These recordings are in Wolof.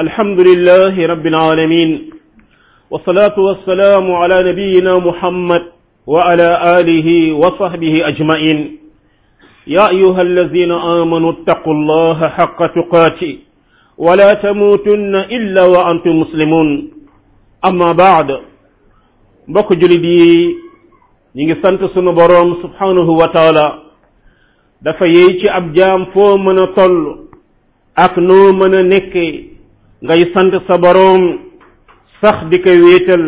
alhamdulilahi rabbil alamin wasalaatu wasalaamu ala nabiyina muhammad wa ala alihi wa sahbihi ajmain ya ayuha alladina amanu ittaqu llaha xaqa tuqaati wala tamuutunna illa wa antum muslimun amma baad mbokk julit yi ñi ngi sant sunu boroom subhanahu wa taala dafa yey ci ab jaam foo mën a toll ak noo mën a nekkee ngay sant sa boroom sax di ko wéetal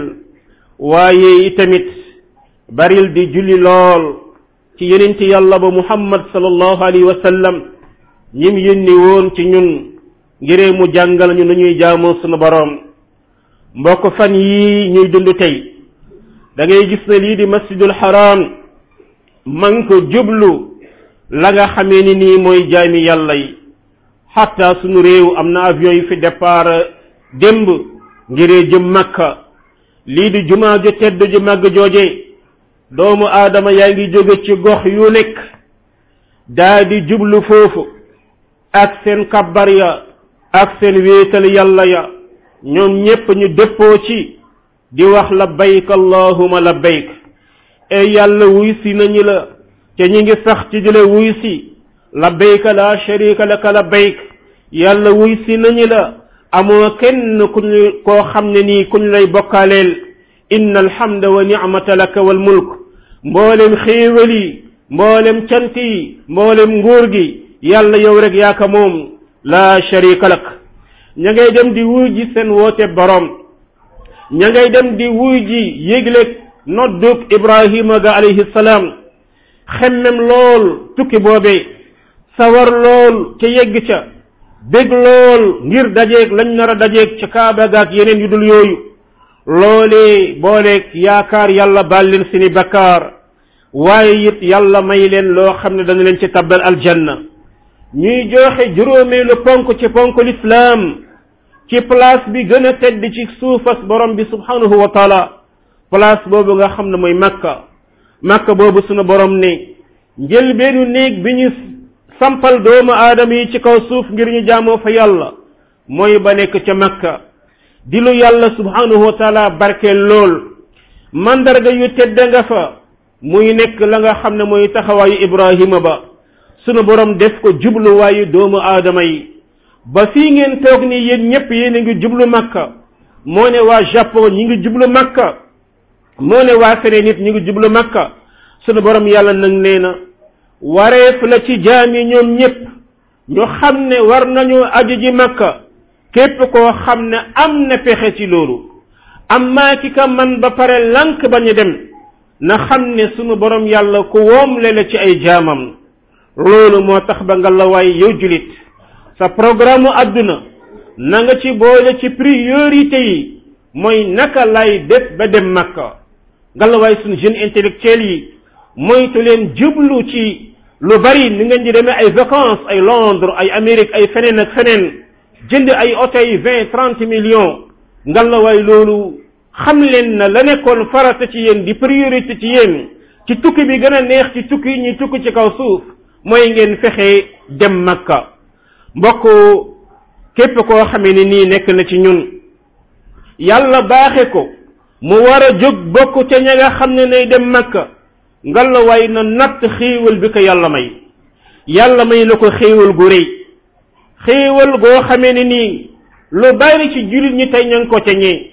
waaye tamit baril di julli lool ci ci yàlla ba muhammad sallallahu alayhi wa sallam ñim yónni woon ci ñun ngiree mu jàngal ñu nu ñuy jaamoo sunu boroom mbokk fan yii ñuy dund tey dangay gis ne lii di masjidul haram man ko jublu la nga xamee ni nii mooy jaami yàlla yi xatta sunu réew am na avion yu fi départ euh, démb ngiree jëm Makka lii di jumaa ju tedd ju màgg jooje doomu aadama yaa ngi jóge ci gox yu nekk daa jublu foofu ak seen kabbar ya ak seen wéetal yàlla ya ñoom ñépp ñu dëppoo ci di wax labbayk allahuma labbayk ey yàlla wuy si nañu la te ñi ngi sax ci di la wuy si labbayka la sharika laka yàlla wuy si nañu la amoo kenn ku ñu koo xam ne nii ku ñu lay bokkaaleel inna alhamda wa nicmata laka walmulk mboolem xéewal yi mboolem cant yi mboolem nguur gi yàlla yow rek yaa ko moom laa sharika lak ña ngay dem di wuy ji seen woote boroom ña ngay dem di wuy ji yégleeg noddug Ibrahima ga alayhi salaam xemmem lool tukki boobe sawar lool ca yegg ca bég lool ngir dajeeg lañ nar a dajeeg ca kaaba gaak yeneen yu dul yooyu loolee booleeg yaakaar yàlla bal leen seeni bakaar waaye it yàlla may leen loo xam ne dana leen ci tabbal aljanna ñuy joxe juróomeelu ponk ci ponk lislaam ci place bi gën a tedd ci suufas borom bi subhanahu wa taala place boobu nga xam ne mooy makka makka boobu sunu borom ne njëlbeenu néeg bi ñu sampal doomu aadama yi ci kaw suuf ngir ñu jàmmoo fa yàlla mooy ba nekk ca makka di lu yàlla subhanahu wa taala lool mandarga yu tedd nga fa muy nekk la nga xam ne mooy taxawaayu ibrahima ba sunu borom def ko jubluwaayu doomu aadama yi ba fii ngeen toog ni yéen ñépp yéen a ngi jublu makka moo ne waa japon ñi ngi jublu makka moo ne waa feneen nit ñi ngi jublu makka sunu borom yàlla nag nee na wareef la ci jaam yi ñoom ñépp ñu xam ne war nañu aju ji makka képp koo xam ne am na pexe ci loolu amma ki ka man ba pare lank ba ñu dem na xam ne sunu borom yàlla ku woomle la ci ay jaamam loolu moo tax ba nga yow julit sa programme àdduna na nga ci boole ci priorité yi mooy naka lay def ba dem makka nga la waay sunu jeune intellectuel yi moytu leen jublu ci lu bari ni ngeen di demee ay vacances ay Londres ay Amérique ay feneen ak feneen jënd ay oto yi vingt trente millions ngal waay loolu xam leen na la nekkoon farata ci yéen di priorité ci yéen ci tukki bi gën a neex ci tukki ñuy tukki ci kaw suuf mooy ngeen fexee dem Makka mbokk képp koo xamee ni nii nekk na ci ñun yàlla baaxe ko mu war a jóg bokk ca ña nga xam ne nay dem Makka ngalla waay na natt xéewal bi ko yàlla may yàlla may na ko xéewal gu rëy xéewal goo xamee ne nii lu bari ci jullit ñi tey ña ko ca ñee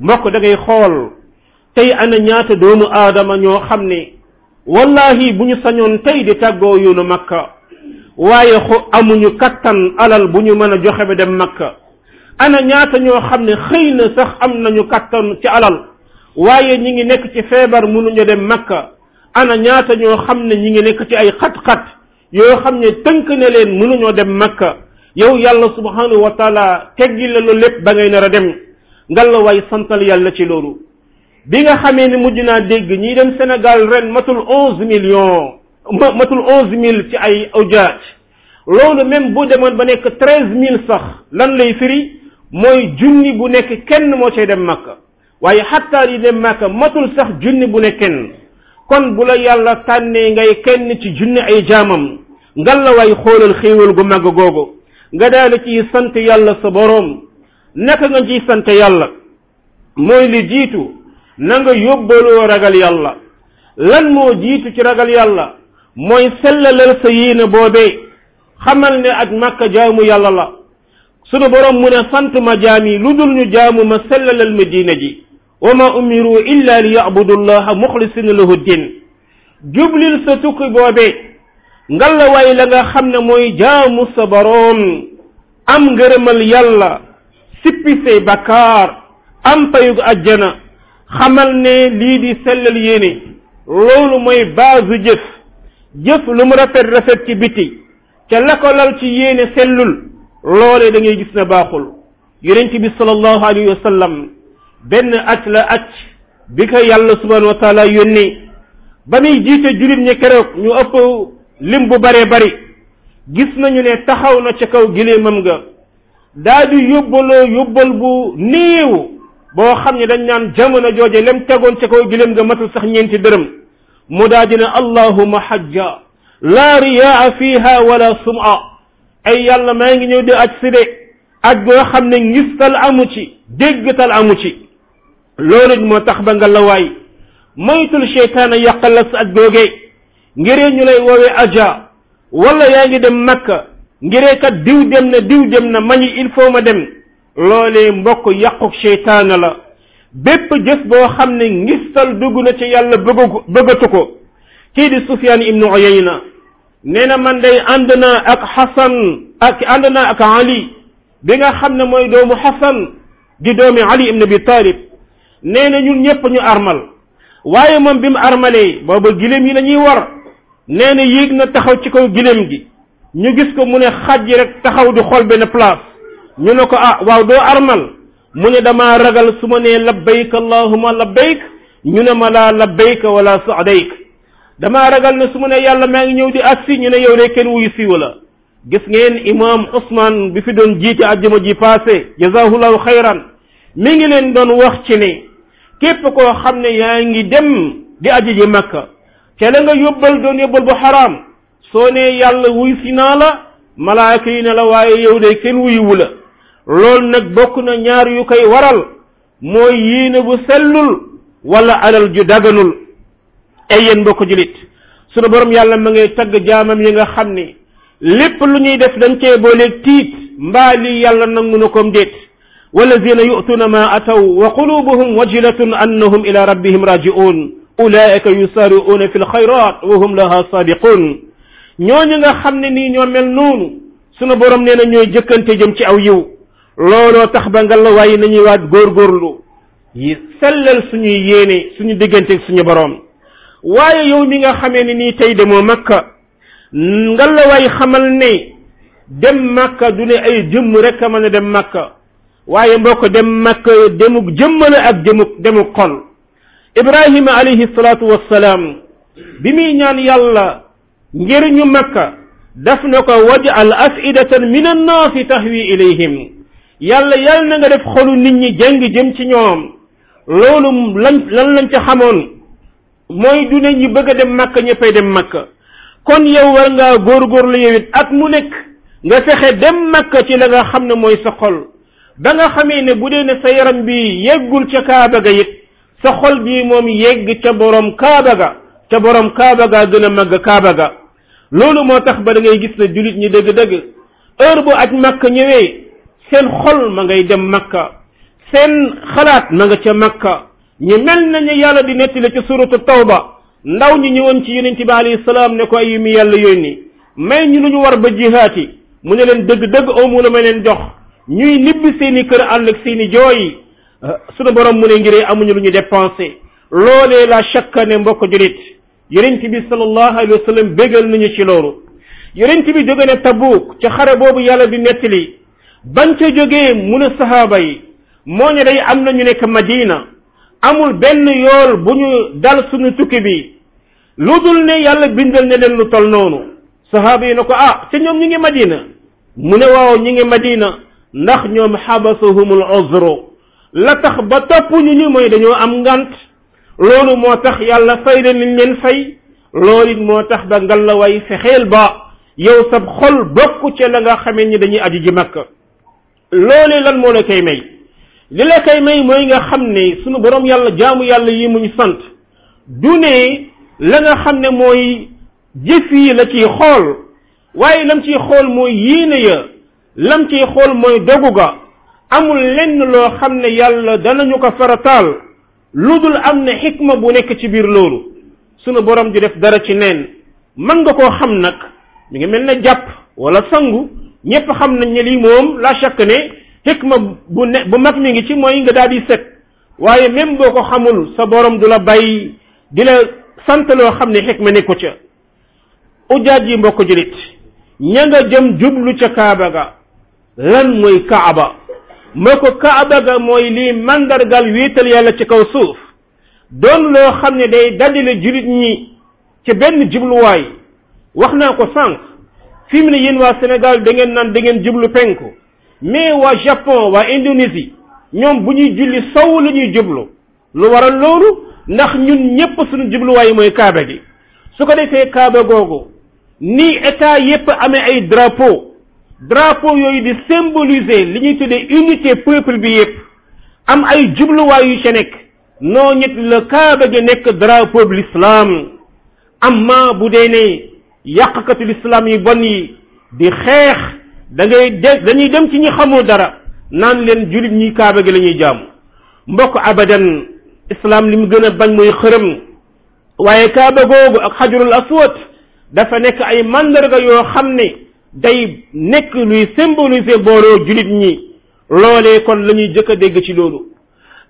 mbokk da ngay xool tey ana ñaata doomu aadama ñoo xam ne wallahi bu ñu sañoon tey di tàggoo yoonu makka waaye xu amuñu kattan alal bu ñu mën a joxe ba dem makka ana ñaata ñoo xam ne xëy na sax am nañu kattan ci alal waaye ñi ngi nekk ci feebar mënuñu dem makka ana ñaata ñoo xam ne ñi ngi nekk ci ay xat-xat yoo xam ne tënk na leen mënuñoo dem makka yow yàlla subhanahu wa taala teggi la lu lépp ba ngay nar a dem ngalla waay santal yàlla ci loolu bi nga xamee ne mujj naa dégg ñiy dem Sénégal ren matul onze millions matul onze mille ci ay ojaaj loolu même bu demoon ba nekk treize mille sax lan lay firi mooy junni bu nekk kenn moo cay dem makka waaye xataa yi de Màkka matul sax junni bu ne kenn kon bu la yàlla tànnee ngay kenn ci junni ay jaamam ngal la waay xoolal xéewal gu màgg googu nga daal ci sant yàlla sa boroom naka nga ciy sant yàlla mooy li jiitu na nga yóbbaloo ragal yàlla lan moo jiitu ci ragal yàlla mooy sellalal sa yéene boobee xamal ne ak màkka jaamu yàlla la sunu borom mu ne sant ma jaam yi lu dul ñu jaamu ma sellalal ma diine ji wa ma umiru illa li yabudu llaha muxlisina lahu din jublil sa tukki boobee ngalawaay la nga xam ne mooy jaamu sa boroom am ngërëmal yàlla sippi say bakkaar am payug ajjana xamal ne lii di sellal yéene loolu mooy baasu jëf jëf lu mu rafet rafet ci biti te la ko lal ci yéene sellul loolee da ngay gis ne baaxul yonent bi sallallahu alayhi wa sallam benn aj la aj bi ko yàlla subhanahu wa taala yónnee ba muy jiite jullit ñi keroog ñu ëpp lim bu baree bari gis nañu ne taxaw na ca kaw gileemam nga daa di yóbbaloo yóbbal bu néew boo xam ne dañ naan jamono jooje lem tegoon ca kaw gileem nga matul sax ñeenti dërëm mu daa di ne allahuma xajja laa riyaa fiha wala sum'a ay yàlla maa ngi ñëw di aj si de aj goo xam ne ngistal amu ci déggtal amu ci loolu moo tax ba nga lawaay moytul seytaane yàqal la sa ak googee ngiree ñu lay woowee aja wala yaa ngi dem makka ngiree kat diw dem na diw dem na mañi il faut ma dem loolee mbokk yàquk seytaane la bépp jëf boo xam ne ngistal dugg na ci yàlla bëggu bëggatu ko kii di Sufyaan ibnu Uyayna nee na man day ànd naa ak Xasan ak ànd naa ak Ali bi nga xam ne mooy doomu Xasan di doomi Ali ibn Abi Talib nee na ñun ñépp ñu armal waaye moom bi mu armalee booba giléem yi la war nee na yéeg na taxaw ci kaw giléem gi ñu gis ko mu ne xaj yi rek taxaw di xool benn place ñu ne ko ah waaw doo armal mu ne dama ragal su ma nee labbayk allahuma labbayk ñu ne ma laa labbayk wala sadayk damaa ragal ne su ma nee yàlla maa ngi ñëw di agsi ñu ne yow de kenn wuyu siiwa la gis ngeen imam Ousmane bi fi doon jiite ajjuma ji passé jazahullahu xayran mi ngi leen doon wax ci képp ko xam ne yaa ngi dem di aji ji makka te la nga yóbbal doon yóbbal bu xaraam soo nee yàlla wuy si naa la malaaka yi ne la waaye yow de kenn wuyuwu la loolu nag bokk na ñaar yu koy waral mooy yiina bu sellul wala alal ju daganul ay yéen mbokk julit sunu borom yàlla ma ngay tagg jaamam yi nga xam ni lépp lu ñuy def dañ cee booleeg tiit mbaa lii yàlla nangu na koom déet walladina yu'tuuna ma ataw wa qulubuhum wajilatun annahum ila rabbihim raji'un ulaika yusaari'uuna fi lxayrat wa hum laha saabiqun ñooñu nga xam ne nii ñoo mel noonu sunu borom nee na ñooy jëkkante jëm ci aw yiw looloo tax ba nga la waaye nañuy waat góorgóorlu yi sellal suñuy yéene suñu digganteeg suñu borom waaye yow mi nga xamee ne ni tey demoo makka nga la waay xamal ne dem makka du ne ay jëmm rek a mën dem makka waaye mbokk dem Makka demuk jëmm ak demuk demuk xol Ibrahima alayhi salaatu wa salaam bi muy ñaan yàlla njëriñu Makka daf na ko waj'al af'idatan min an-naasi tahwi ilayhim yàlla yàlla na nga def xolu nit ñi jàng jëm ci ñoom loolu lan lan lañ ca xamoon mooy du ne ñi bëgg a dem Makka ñëppay dem Makka kon yow war ngaa góorgóorlu yow it ak mu nekk nga fexe dem Makka ci la nga xam ne mooy sa xol. ba nga xamee ne bu dee ne sa yaram bi yeggul ca kaaba ga it sa xol bi moom yegg ca boroom kaaba ga ca borom kaaba gaa gën a màgg kaaba ga loolu moo tax ba da ngay gis ne jullit ñi dëgg-dëgg heure bu aj makka ñëwee seen xol ma ngay dem makka seen xalaat ma nga ca makka ñu mel nañu yàlla di nettali ca taw ba ndaw ñi ñëwoon ci yonent bi alayhi salaam ne ko ay yu mi yàlla yónni may ñu lu ñu war ba jihaati mu ne leen dëgg-dëgg aw mu la ma leen jox ñuy ñibbi seeni kër ànd ak seeni jooy eh, sunu borom mu ne ngir amuñu lu ñu dépensé loolee la shakka ne mbokk julit yonent bi sallallahu alayhi wa sallam bégal nañu ci loolu yonent bi jóge ne Tabuk ca xare boobu yàlla di nettali bañ ca jógee mu ne sahaaba yi moo ne day am na ñu nekk Madina amul benn yool bu ñu dal suñu tukki bi lu dul ne yàlla bindal ne leen lu tol noonu sahaaba yi ne ko ah te ñoom ñu ngi Madina mu ne waaw ñu ngi Madina ndax ñoom xabasahumul uzru la tax ba toppuñu ñu mooy dañoo am ngant loolu moo tax yàlla fay na liñ leen fay loolu moo tax ba ngal way fexeel ba yow sab xol bokk ci la nga xamee ni dañuy ajj ji makka loolee lan moo la koy may li la koy may mooy nga xam ne suñu boroom yàlla jaamu yàlla yi muñ sant du ne la nga xam ne mooy jëf yi la ciy xool waaye lam ciy xool mooy yéene ya lam ciy xool mooy dogu ga amul lenn loo xam ne yàlla danañu ko farataal lu dul am na xikma bu nekk ci biir loolu sunu borom di def dara ci neen mën nga koo xam nag mi ngi mel na jàpp wala sangu ñépp xam nañ ne moom la chaque ne xikma bu nekk bu mag mi ngi ci mooy nga daal di set waaye même boo ko xamul sa boroom du la bàyyi di la sant xam ne xikma nekku ca ujaaj yi mbokk julit ña nga jëm jublu ca kaaba ga lan mooy kaaba moo ko kaaba ga mooy lii mandargal wiital yàlla ci kaw suuf doon loo xam ne day dajale jullit ñi ci benn jubluwaay wax naa ko sànq fi mu ne waa Sénégal da ngeen naan dangeen ngeen jublu penku mais waa Japon waa Indonésie ñoom bu ñuy julli sow la ñuy jublu lu waral loolu ndax ñun ñépp suñu jubluwaay mooy kaaba gi su ko defee kaaba googu ni état yépp amee ay drapo drapo yooyu di symboliser li ñuy tuddee unité peuple bi yépp am ay jubluwaay yu ca nekk noo ñett la kaaba gi nekk drapeau bi l'islam amma bu dee ne yàqkatu l'islam yi bon yi di xeex da ngay de dañuy dem ci ñi xamul dara naan leen jullit ñi kaaba gi lañuy jàmm mbokk abadan islam li mu gën a bañ mooy xërëm waaye kaaba googu ak xajurul aswad dafa nekk ay mandarga yoo xam ne day nekk luy symboliser booloo jullit ñi loole kon lañuy jëkk a dégg ci loolu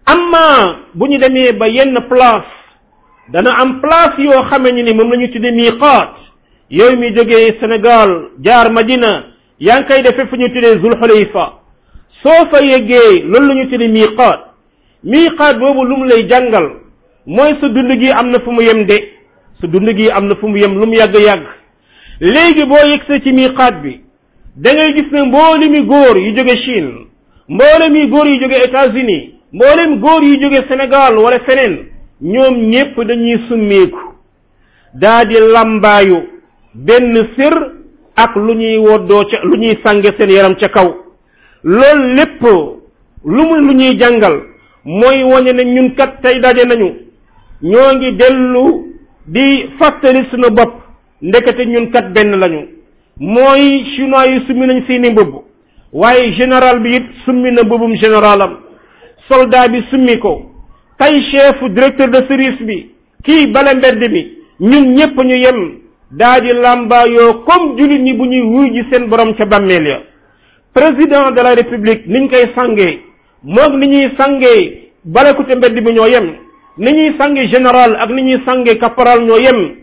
amma bu ñu demee ba yenn place dana am place yoo xamee ni moom lañu ñu tudde miqaat yooyu mi jógee Sénégal jaar Madina yaa ngi koy defee fu ñu tuddee Zul Xulayfa soo fa yeggee loolu la ñu tudde miqaat miqaat boobu lu mu lay jàngal mooy sa dund gi am na fu mu yem de sa dund gi am na fu mu yem lu mu yàgg-yàgg léegi boo yegsee ci miqaat bi da gis ne mboolemi góor yu jóge Chine mboolemi góor yu jóge États-Unis mboolem góor yu jóge senegaal wala feneen ñoom ñépp dañuy summeeku daa di benn sir ak lu ñuy woddoo ca lu ñuy sànge seen yaram ca kaw loolu lépp lu mu lu ñuy jàngal mooy wane na ñunkat tey daje nañu ñoo ngi dellu di fàttali sunu bopp ndekete ñun kat benn lañu mooy chinois yi summi nañ seeni mbubb waaye général bi it summi na mbubbum généralam soldat bi summi ko tay chef directeur de service bi kii bale mbedd bi ñun ñépp ñu yem daa di làmbaayoo comme jullit ñi bu ñuy wuy ji seen borom ca bàmmeel ya président de la république niñ koy sangee moog ni ñuy sangee balekute mbedd bi ñoo yem ni ñuy sange général ak ni ñuy sange caporal ñoo yem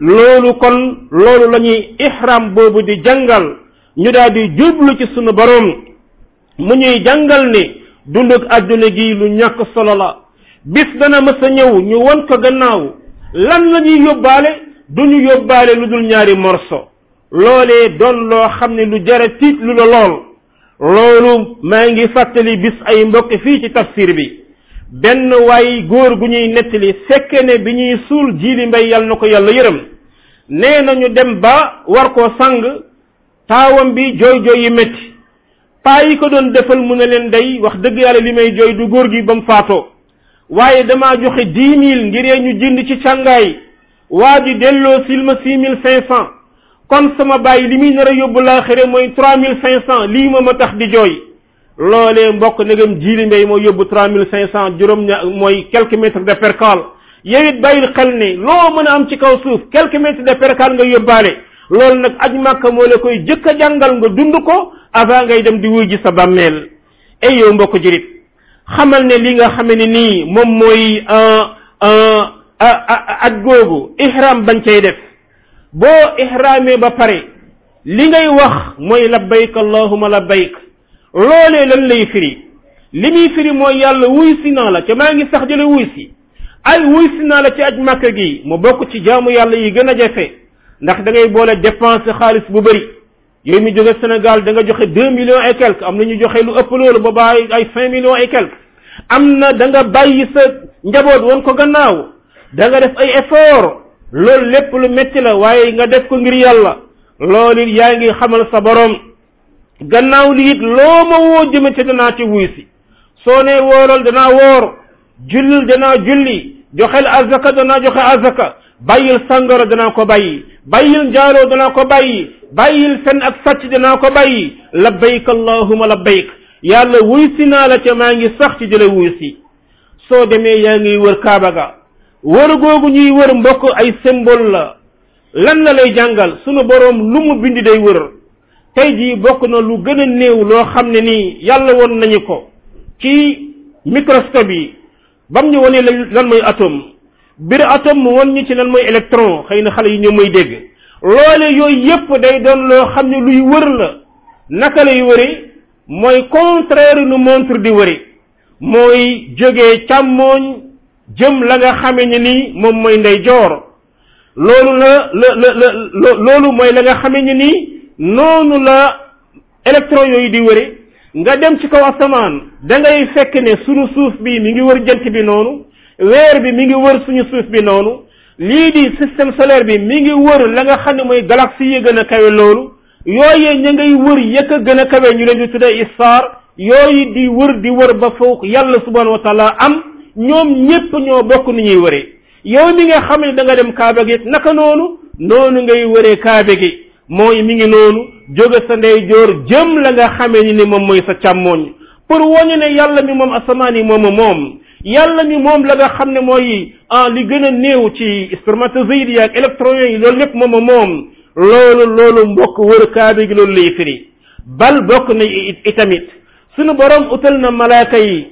loolu kon loolu lañuy ñuy boobu di jàngal ñu daal di jublu ci sunu borom mu ñuy jàngal ne dunduk àdduna gi lu ñàkk solo la bis dana mës a ñëw ñu won ko gannaaw lan la ñuy yóbbaale du ñu yóbbaale lu dul ñaari morso loolee doon loo xam ne lu jara tiit lu la lool loolu maa ngi fàttali bis ay mbokk fii ci tafsir bi benn waay góor gu ñuy nettali fekke ne bi ñuy suul jiili mbay yàlla na ko yàlla yërëm nee nañu dem ba war koo sàng taawam bi jooy jooy yi métti paa yi ko doon defal mu ne leen dey wax dëgg yàlla li may jooy du góor gi ba mu faatoo waaye damaa joxe dix mille ngir yee ñu jënd ci càngaay waa ji delloo sil ma six mille cinq cent kon sama bàyyi li muy nar a yóbbu laaxire mooy trois mille cinq lii ma ma tax di jooy loolee mbokk ndegam jiili mbay moo yóbbu trois mille cinq cent juróom ña mooy quelques mètres de percale yow it bàyyil xel ne loo mën a am ci kaw suuf quelques mètres de percale nga yóbbaale loolu nag aj màkka moo la koy jëkk a jàngal nga dund ko avant ngay dem di wuy ji sa bàmmeel ay yow mbokk jurit xamal ne li nga xame ne nii moom mooy euh, euh, aj googu ihram bañ cay def boo ihramee ba pare li ngay wax mooy labbayk allahuma labbayk loolee lan lay firi li muy firi mooy yàlla wuy si naa la ca maa ngi sax jële wuy si ay wuy si naa la ci aj màkka gi mu bokk ci jaamu yàlla yi gën a jafe ndax da ngay boole dépense xaalis bu bëri yooyu mu jóge Sénégal da nga joxe deux millions et quelque am na ñu joxe lu ëpp loolu ba bàyyi ay cinq millions et quelque am na danga nga bàyyi sa njaboot woon ko gannaaw da nga def ay effort loolu lépp lu métti la waaye nga def ko ngir yàlla loolu yaa ngi xamal sa borom gannaaw li it loo ma woo jëmate danaa ci wuy si soo nee wooral dana woor jullil danaa julli joxel azaka danaa joxe azaka bàyyil sàngara danaa ko bàyyi bàyyil njaaloo danaa ko bàyyi bàyyil fen ak sàcc danaa ko bàyyi labbayk allahuma labbayk yàlla wuy si naa la ca maa ngi sax ci di la wuy si soo demee yaa ngiy wër kaaba ga wër googu ñuy wër mbokk ay symbole la lan la lay jàngal sunu boroom lu mu bind day wër tey jii bokk na lu gën a néew loo xam ne nii yàlla woon nañu ko ci microscope yi bam ñu wonee lan mooy atome biir atome mu won ñu ci lan mooy électron xëy na xale yi ñoom mooy dégg loole yooyu yépp day doon loo xam ne luy wër la naka lay wëri mooy contraire nu montre di wëri mooy jógee càmmooñ jëm la nga xame ne nii moom mooy ndeyjoor loolu la la la loolu mooy la nga xame ne nii noonu la électron yooyu di wëri nga dem ci kaw asamaan da ngay fekk ne suñu suuf bi mi ngi wër jant bi noonu weer bi mi ngi wër suñu suuf bi noonu lii di système solaire bi mi ngi wër la nga xam ne mooy galaxie yi gën a kawe loolu yooyee ña ngay wër yëkk gën a kawe ñu leen di tuddee istar yooyu di wër di wër ba foofu yàlla subhanahu wa am ñoom ñépp ñoo bokk nu ñuy wëree yow mi nga xam ne da nga dem kaaba gi naka noonu noonu ngay wëree kaaba gi mooy mi ngi noonu jóge sa ndeyjoor jëm la nga xamee ni ni moom mooy sa càmmooñ pour wane ne yàlla mi moom asamaan yi moom moom yàlla mi moom la nga xam ne mooy ah, li gën a néew ci spermatozoïdes yi ak électrons yi loolu lépp moom moom loolu loolu mbokk wër kaaba gi loolu lay firi bal bokk na itamit sunu borom utal na malaaka yi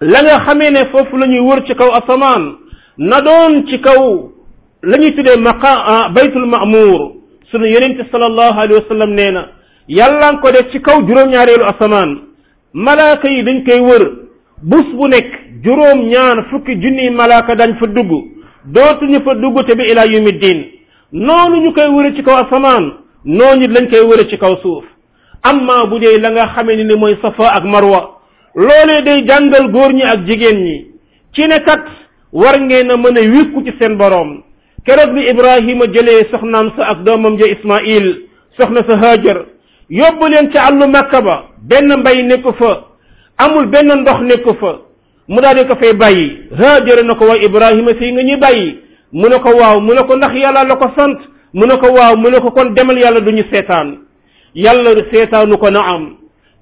la nga xamee ne foofu la ñuy wër ci kaw asamaan na doon ci kaw la ñuy tuddee maqa ah, baytul ma'mur sunu yonente sallallahu alayhi wa sallam nee na yàlla nga ko def ci kaw juróom-ñaareelu asamaan malaaka yi dañ koy wër bus bu nekk juróom-ñaar fukki junniy malaaka dañ fa dugg dootuñu fa dugg te bi ilaa yawmi noonu ñu koy wër ci kaw asamaan noonu dañ koy wër ci kaw suuf amma bu dee la nga xamee ni mooy safa ak marwa loolee day jàngal góor ñi ak jigéen ñi ci ne kat war ngeen a mën a wékku ci seen boroom keroog bi Ibrahima jëlee soxnaam sa ak doomam ja Ismail soxna sa Hajar yóbbu leen ca àllu Makka ba benn mbay nekku fa amul benn ndox nekk fa mu daal di ko fay bàyyi Hajar na ko waaw Ibrahima fii nga ñuy bàyyi mu ne ko waaw mu ne ko ndax yàlla la ko sant mu ne ko waaw mu ne ko kon demal yàlla du ñu seetaan yàlla seetaanu ko na am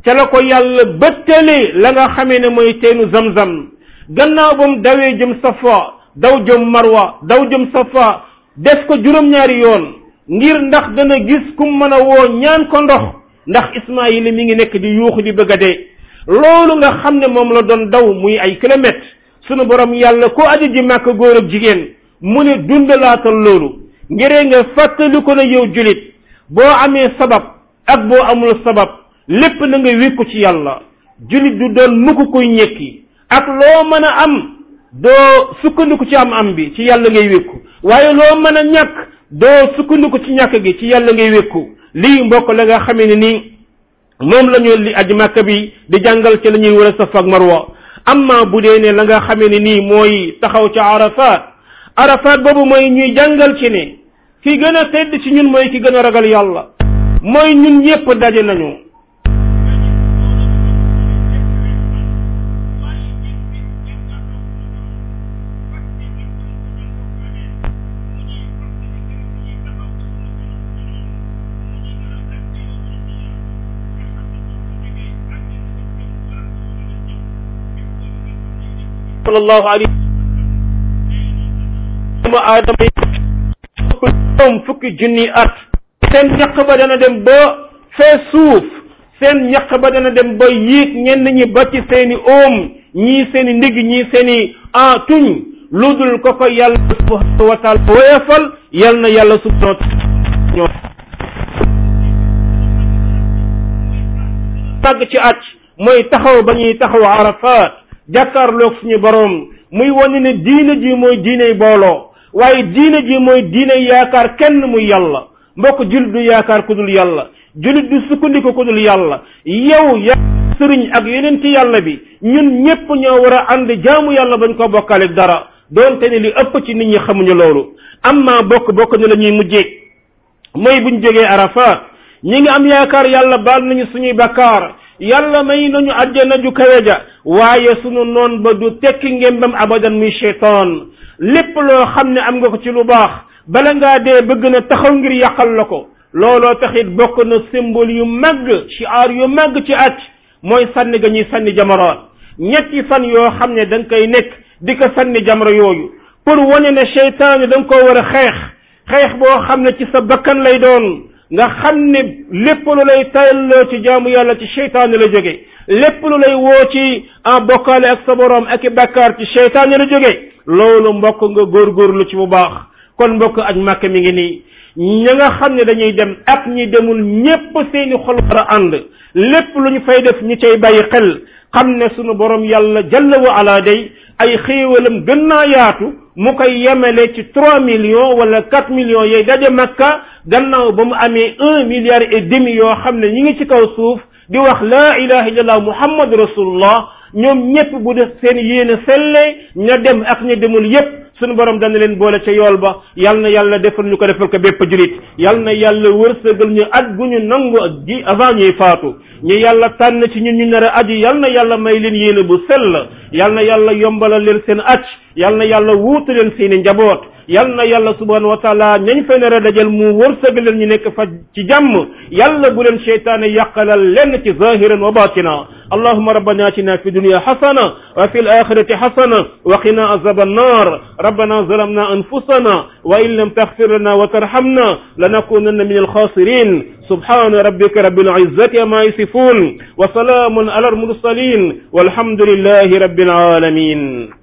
ca la ko yàlla bëttale la nga xamee ne mooy teenu zam-zam gannaaw ba mu dawee jëm Safa daw jëm marwa daw jëm safa def ko juróom-ñaari yoon ngir ndax dana gis kum mën a woo ñaan ko ndox ndax ismaayil mi ngi nekk di yuuxu di bëgg a dee loolu nga xam ne moom la doon daw muy ay kilomètres sunu borom yàlla ko aji ji màkk góor ak jigéen mu ne dundalaatal loolu ngiree nga fàttali ko ne yow julit boo amee sabab ak boo amul sabab lépp na nga wékku ci yàlla julit du doon mukk koy ñekki ak loo mën a am doo sukkandiku ci am am bi ci yàlla ngay wékku waaye loo mën a ñàkk doo sukkandiku ci ñàkk gi ci yàlla ngay wékku lii mbokk la nga xame ne nii moom la ñu li aji màkk bi di jàngal ci la ñuy war a safa ak marwa amma bu dee ne la nga xamee ne nii mooy taxaw ci arafat arafat boobu mooy ñuy jàngal ci ne ki gën a tedd ci ñun mooy ki gën a ragal yàlla mooy ñun ñépp daje nañu sallallahu alayhi doomu aadama yi ñoom fukki seen ñaq ba dem ba fee suuf seen ñaq ba dana dem ba yiit ñenn ñi ba ci seeni oom ñii seen ndigg ñii seeni tuñ lu ko ko yàlla subhanahu wa yal na yàlla subhanahu wa taala ñoo ci mooy taxaw ba taxaw arafat jàkkaarlook suñu boroom muy wane ne diina ji mooy diiney booloo waaye diina ji mooy diiney yaakaar kenn muy yàlla mbokk jullit du yaakaar ku dul yàlla jullit du sukkandiku ku dul yàlla yow ya sëriñ ak yeneen ci yàlla bi ñun ñépp ñoo war a ànd jaamu yàlla bañ ko bokkalee dara doonte ne li ëpp ci nit ñi xamuñu loolu am naa bokk bokk ne la ñuy mujjee mooy buñ jógee arafaat ñi ngi am yaakaar yàlla baal nañu suñuy bakkaar yàlla may nañu àjjana ju kawe ja waaye sunu noon ba du tekki ngembam abadan muy cheytaan lépp loo xam ne am nga ko ci lu baax bala ngaa dee bëgg na taxaw ngir yàqal la ko looloo taxit bokk na symbole yu màgg chiaar yu màgg ci aj mooy sànni ga ñuy sànni jamaraat ñetti fan yoo xam ne da nga koy nekk di ko sanni jamra yooyu pour wane ne cheytaan da nga koo war a xeex xeex boo xam ne ci sa bakkan lay doon nga xam ne lépp lu lay tayalloo ci jaamu yàlla ci seytaane la jóge lépp lu lay woo ci en bokkaale ak sa boroom ak i bàkkaar ci seytaane la jóge loolu mbokk nga lu ci bu baax kon mbokk aj màkk mi ngi nii ña nga xam ne dañuy dem ak ñi demul ñépp seeni xol war a lépp lu ñu fay def ñu cay bàyyi xel xam ne sunu borom yàlla jalla wa ala day ay xéewalam gën naa yaatu mu koy yemale ci trois millions wala quatre millions yooyu daje makka gannaaw ba mu amee un milliard et demi yoo xam ne ñi ngi ci kaw suuf di wax laa ilaha illallah muhammadu rasulullah ñoom ñépp bu def seen yéene sellee ña dem ak ña demul yépp sun borom dana leen boole ca yool ba yal na yàlla defal ñu ko defal ko bépp julit yal na yàlla wërsëgal ñu at gu ñu nangu ak ji avant ñuy faatu ñu yàlla tànn ci ñun ñu nar a aji yal na yàlla may leen yéene bu sell yal na yàlla yombalal leen seen aj yal na yàlla wuutu leen seeni njaboot yal na yàlla subhanahu wa taala ñañ fa nar a dajal mu wërsëgalal ñu nekk fa ci jàmm yàlla bu leen cheytaane yàqalal lenn ci zahiran wa batina allahuma rabbana atina fi dunia xasana wa fi alaxirati xasana wa qina azaba annar rabbana zalamna anfusana wa in lam taxfir lana wa tarhamna lanakunanna min alxasirin subhana rabbika rabbil izzati ama yasifun wa salaamun ala almursalin walhamdulillahi rabbil alamin